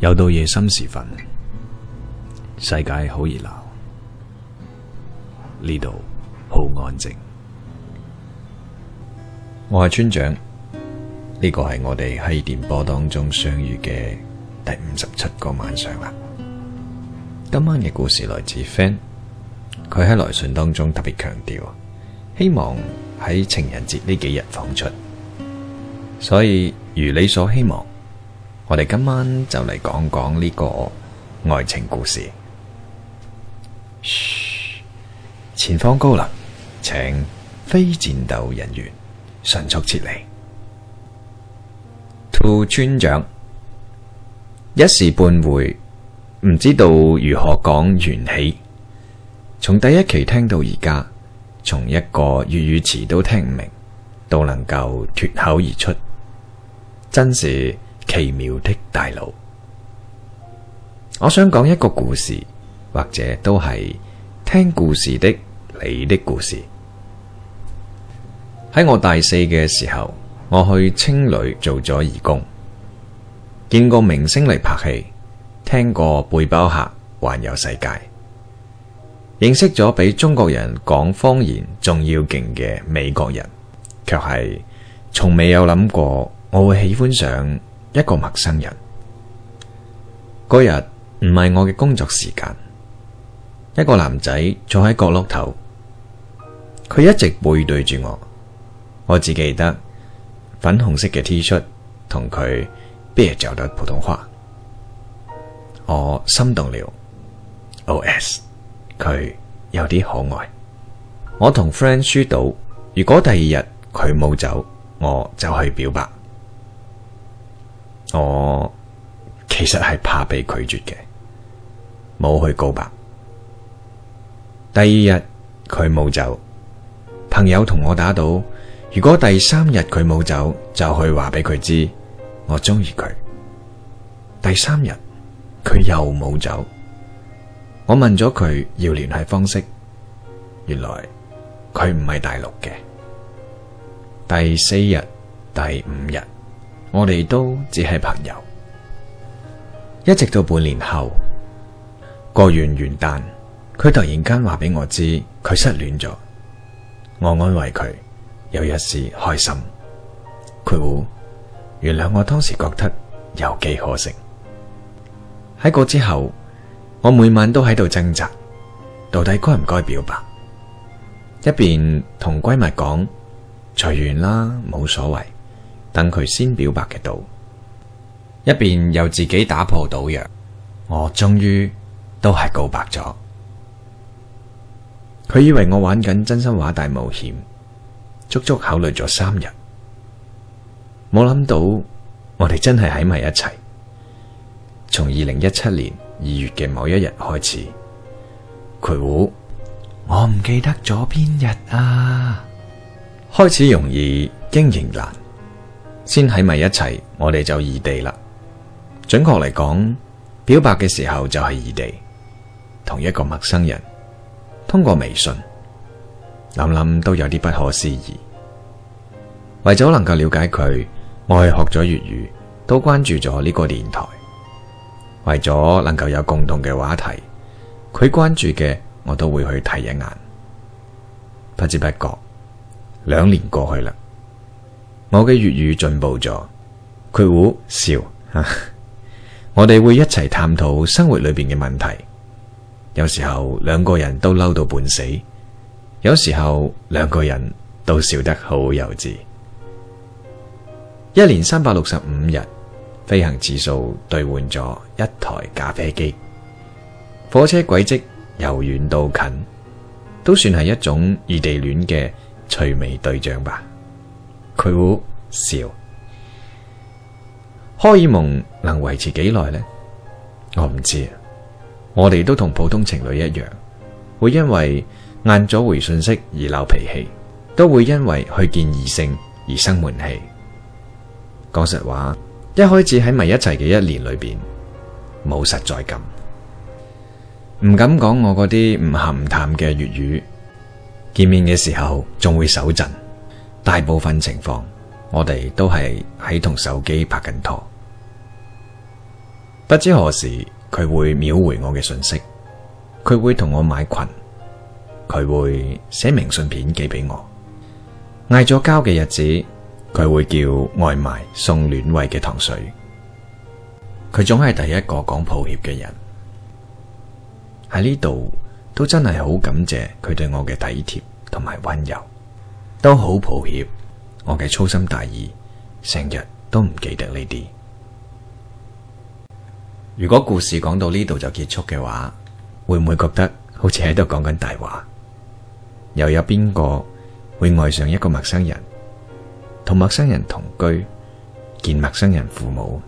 又到夜深時分，世界好熱鬧，呢度好安靜。我係村長，呢個係我哋喺電波當中相遇嘅第五十七個晚上啦。今晚嘅故事來自 FAN，佢喺來信當中特別強調，希望喺情人節呢幾日放出，所以如你所希望。我哋今晚就嚟講講呢個愛情故事。噓，前方高能，請非戰鬥人員迅速撤離。To 村長，一時半會唔知道如何講緣起，從第一期聽到而家，從一個粵語詞都聽唔明，都能夠脫口而出，真是～奇妙的大腦，我想講一個故事，或者都係聽故事的你的故事。喺我大四嘅時候，我去青旅做咗義工，見過明星嚟拍戲，聽過背包客環遊世界，認識咗比中國人講方言仲要勁嘅美國人，卻係從未有諗過我會喜歡上。一個陌生人，嗰日唔係我嘅工作時間。一個男仔坐喺角落頭，佢一直背對住我。我只記得粉紅色嘅 T 恤同佢蹩腳講普通話。我心動了，O.S. 佢有啲可愛。我同 friend 輸賭，如果第二日佢冇走，我就去表白。我其實係怕被拒絕嘅，冇去告白。第二日佢冇走，朋友同我打賭，如果第三日佢冇走，就去話俾佢知我中意佢。第三日佢又冇走，我問咗佢要聯繫方式，原來佢唔係大陸嘅。第四日、第五日。我哋都只係朋友，一直到半年後過完元旦，佢突然間話俾我知佢失戀咗，我安慰佢有一絲開心，佢會原諒我當時覺得有機可乘。喺嗰之後，我每晚都喺度掙扎，到底該唔該表白一邊，一邊同閨蜜講隨緣啦，冇所謂。等佢先表白嘅賭，一邊又自己打破賭約，我終於都係告白咗。佢以為我玩緊真心話大冒險，足足考慮咗三日，冇諗到我哋真係喺埋一齊。從二零一七年二月嘅某一日開始，佢我唔記得咗邊日啊！開始容易經營難。先喺埋一齊，我哋就異地啦。準確嚟講，表白嘅時候就係異地，同一個陌生人通過微信諗諗都有啲不可思議。為咗能夠了解佢，我去學咗粵語，都關注咗呢個電台。為咗能夠有共同嘅話題，佢關注嘅我都會去睇一眼。不知不覺，兩年過去啦。我嘅粵語進步咗，佢會笑， 我哋會一齊探討生活裏邊嘅問題。有時候兩個人都嬲到半死，有時候兩個人都笑得好幼稚。一年三百六十五日，飛行次數兌換咗一台咖啡機。火車軌跡由遠到近，都算係一種異地戀嘅趣味兌奬吧。佢會。笑，荷爾蒙能維持幾耐呢？我唔知，我哋都同普通情侶一樣，會因為晏咗回信息而鬧脾氣，都會因為去見異性而生悶氣。講實話，一開始喺埋一齊嘅一年裏邊冇實在感，唔敢講我嗰啲唔鹹唔淡嘅粵語。見面嘅時候仲會手震，大部分情況。我哋都係喺同手機拍緊拖，不知何時佢會秒回我嘅信息，佢會同我買裙，佢會寫明信片寄俾我，嗌咗交嘅日子，佢會叫外賣送暖胃嘅糖水，佢總係第一個講抱歉嘅人，喺呢度都真係好感謝佢對我嘅體貼同埋溫柔，都好抱歉。我嘅粗心大意，成日都唔記得呢啲。如果故事講到呢度就結束嘅話，會唔會覺得好似喺度講緊大話？又有邊個會愛上一個陌生人，同陌生人同居，見陌生人父母？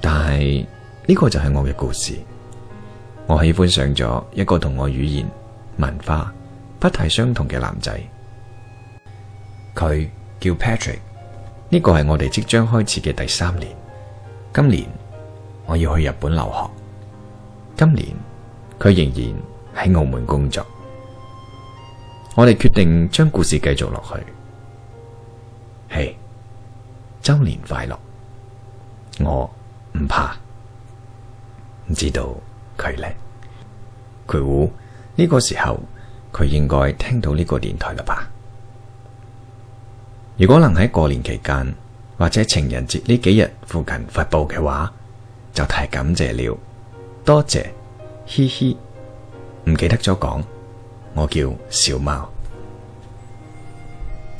但係呢個就係我嘅故事。我喜歡上咗一個同我語言文化不太相同嘅男仔。佢叫 Patrick，呢個係我哋即將開始嘅第三年。今年我要去日本留學，今年佢仍然喺澳門工作。我哋決定將故事繼續落去。嘿，周年快樂，我唔怕，唔知道佢咧？佢估呢個時候佢應該聽到呢個電台啦吧。如果能喺過年期間或者情人節呢幾日附近發布嘅話，就太感謝了，多謝，嘻嘻，唔記得咗講，我叫小貓，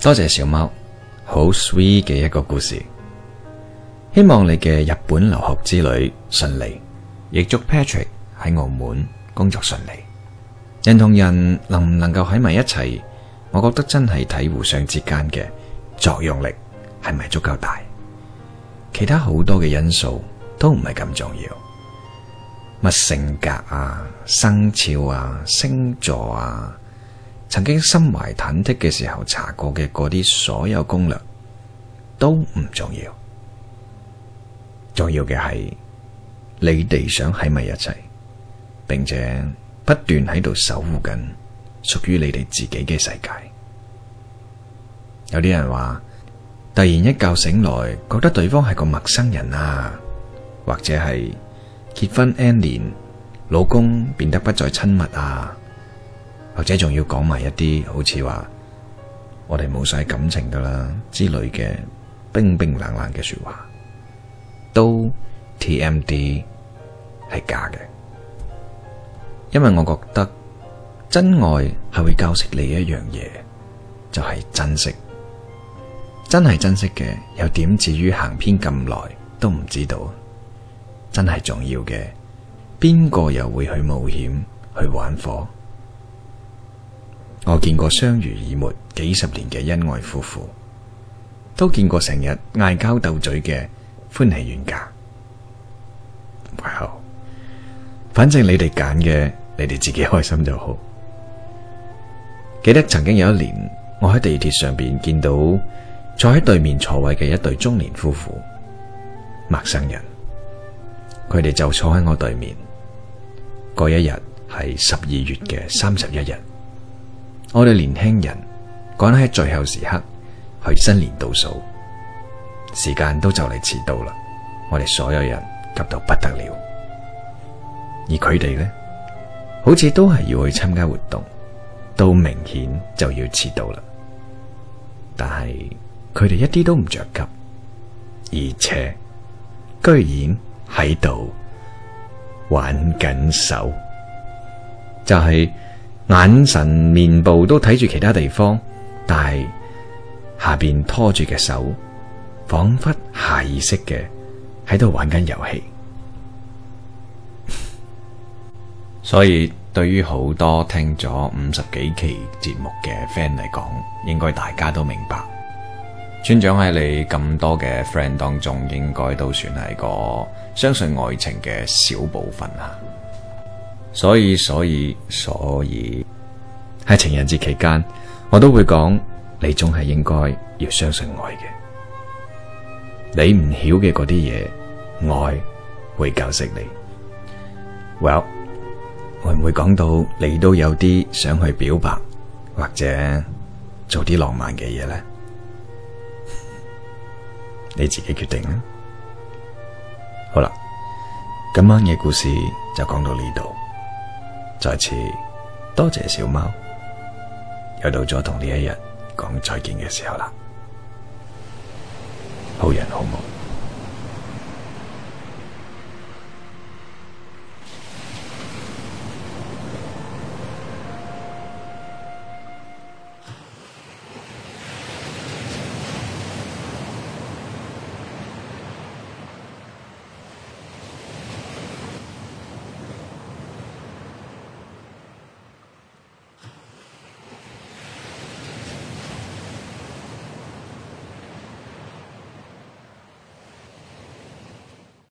多謝小貓，好 sweet 嘅一個故事，希望你嘅日本留學之旅順利，亦祝 Patrick 喺澳門工作順利，人同人能唔能夠喺埋一齊，我覺得真係睇互相之間嘅。作用力係咪足夠大？其他好多嘅因素都唔係咁重要，乜性格啊、生肖啊、星座啊，曾經心懷忐忑嘅時候查過嘅嗰啲所有攻略都唔重要。重要嘅係你哋想喺埋一齊，並且不斷喺度守護緊屬於你哋自己嘅世界。有啲人話突然一覺醒來，覺得對方係個陌生人啊，或者係結婚 n 年，老公變得不再親密啊，或者仲要講埋一啲好似話我哋冇晒感情噶啦之類嘅冰冰冷冷嘅說話，都 TMD 係假嘅，因為我覺得真愛係會教識你一樣嘢，就係、是、珍惜。真係珍惜嘅，又點至於行偏咁耐都唔知道？真係重要嘅，邊個又會去冒險去玩火？我見過相濡以沫幾十年嘅恩愛夫婦，都見過成日嗌交鬥嘴嘅歡喜冤家。Wow, 反正你哋揀嘅，你哋自己開心就好。記得曾經有一年，我喺地鐵上邊見到。坐喺對面座位嘅一對中年夫婦，陌生人，佢哋就坐喺我對面。嗰一日係十二月嘅三十一日，我哋年輕人趕喺最後時刻去新年倒數，時間都就嚟遲到啦，我哋所有人急到不得了。而佢哋呢，好似都係要去參加活動，都明顯就要遲到啦，但係，佢哋一啲都唔着急，而且居然喺度玩緊手，就係眼神面部都睇住其他地方，但係下邊拖住嘅手，仿佛下意識嘅喺度玩緊遊戲。 所以對於好多聽咗五十幾期節目嘅 friend 嚟講，應該大家都明白。村長喺你咁多嘅 friend 當中，應該都算係個相信愛情嘅小部分啦。所以，所以，所以喺情人節期間，我都會講，你總係應該要相信愛嘅。你唔曉嘅嗰啲嘢，愛會教識你。Well，會唔會講到你都有啲想去表白，或者做啲浪漫嘅嘢咧？你自己決定啦。好啦，今晚嘅故事就講到呢度。再次多謝小貓，又到咗同呢一日講再見嘅時候啦。好人好夢。